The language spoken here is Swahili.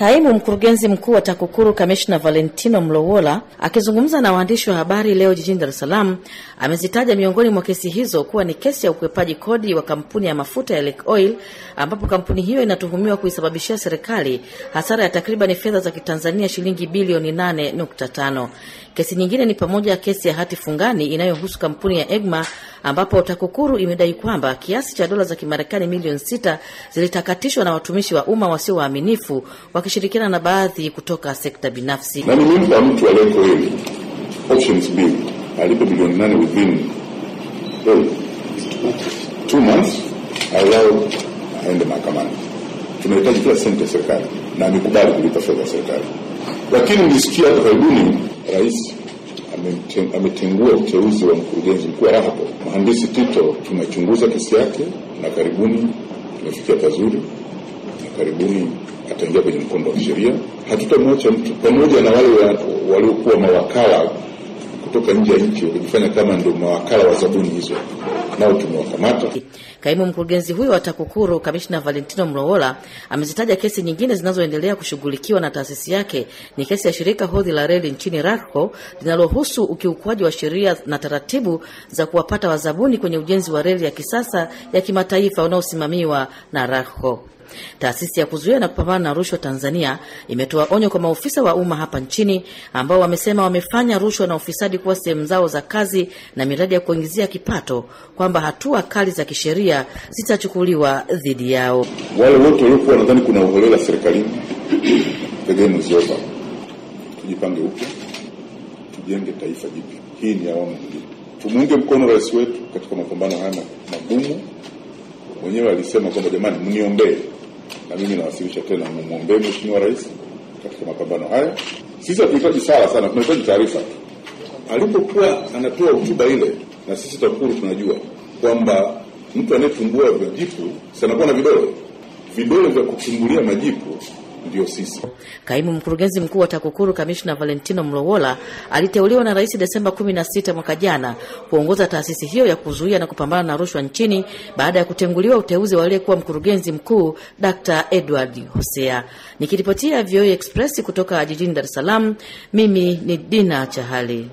Kaimu mkurugenzi mkuu wa TAKUKURU Kamishna Valentino Mlowola akizungumza na waandishi wa habari leo jijini Dar es Salaam amezitaja miongoni mwa kesi hizo kuwa ni kesi ya ukwepaji kodi wa kampuni ya mafuta ya Lake Oil ambapo kampuni hiyo inatuhumiwa kuisababishia serikali hasara ya takribani fedha za kitanzania shilingi bilioni 8.5. Kesi nyingine ni pamoja kesi ya hati fungani inayohusu kampuni ya EGMA ambapo TAKUKURU imedai kwamba kiasi cha dola za Kimarekani milioni sita zilitakatishwa na watumishi wa umma wasio waaminifu wakishirikiana na baadhi kutoka sekta binafsi. Na nimempa mtu aliyeko hivi options alipe bilioni nane within oh, two months alau aende mahakamani. Tunahitaji kila senti ya serikali na amekubali kulipa fedha ya serikali, lakini nilisikia karibuni Rais ametengua uteuzi wa mkurugenzi mkuu wa rahpo Mhandisi Tito. Tunachunguza kesi yake na karibuni tunafikia pazuri, na karibuni ataingia kwenye mkondo wa sheria. Hatutamwacha mtu, pamoja na wale waliokuwa mawakala kutoka nje ya nchi wakijifanya kama ndio mawakala wa zabuni hizo, nao tumewakamata. Kaimu mkurugenzi huyo wa TAKUKURU Kamishna Valentino Mlowola amezitaja kesi nyingine zinazoendelea kushughulikiwa na taasisi yake ni kesi ya shirika hodhi la reli nchini RACO linalohusu ukiukwaji wa sheria na taratibu za kuwapata wazabuni kwenye ujenzi wa reli ya kisasa ya kimataifa unaosimamiwa na RACO. Taasisi ya kuzuia na kupambana na rushwa Tanzania imetoa onyo kwa maofisa wa umma hapa nchini ambao wamesema wamefanya rushwa na ufisadi kuwa sehemu zao za kazi na miradi ya kuongezea kipato, kwamba hatua kali za kisheria zitachukuliwa dhidi yao. Wale wote waliokuwa nadhani kuna uholela serikalini, the game Tujipange upya, tujenge taifa jipya. Hii ni awamu nyingine. Tumuunge mkono rais wetu katika mapambano haya magumu. Mwenyewe alisema kwamba jamani, mniombee na mimi nawasilisha tena, mumwombee Mheshimiwa Rais katika mapambano haya. Sisi hatuhitaji sala sana, tunahitaji taarifa tu. Alipokuwa anatoa hotuba ile, na sisi TAKUKURU tunajua kwamba mtu anayetumbua majipu sanakuwa na vidole vidole vya kuchungulia majipu ndio sisi. Kaimu mkurugenzi mkuu wa TAKUKURU Kamishna Valentino Mlowola aliteuliwa na Rais Desemba 16 mwaka jana kuongoza taasisi hiyo ya kuzuia na kupambana na rushwa nchini baada ya kutenguliwa uteuzi wa aliyekuwa mkurugenzi mkuu dr Edward Hosea. Nikiripotia VOA Express kutoka jijini Dar es Salaam, mimi ni Dina Chahali.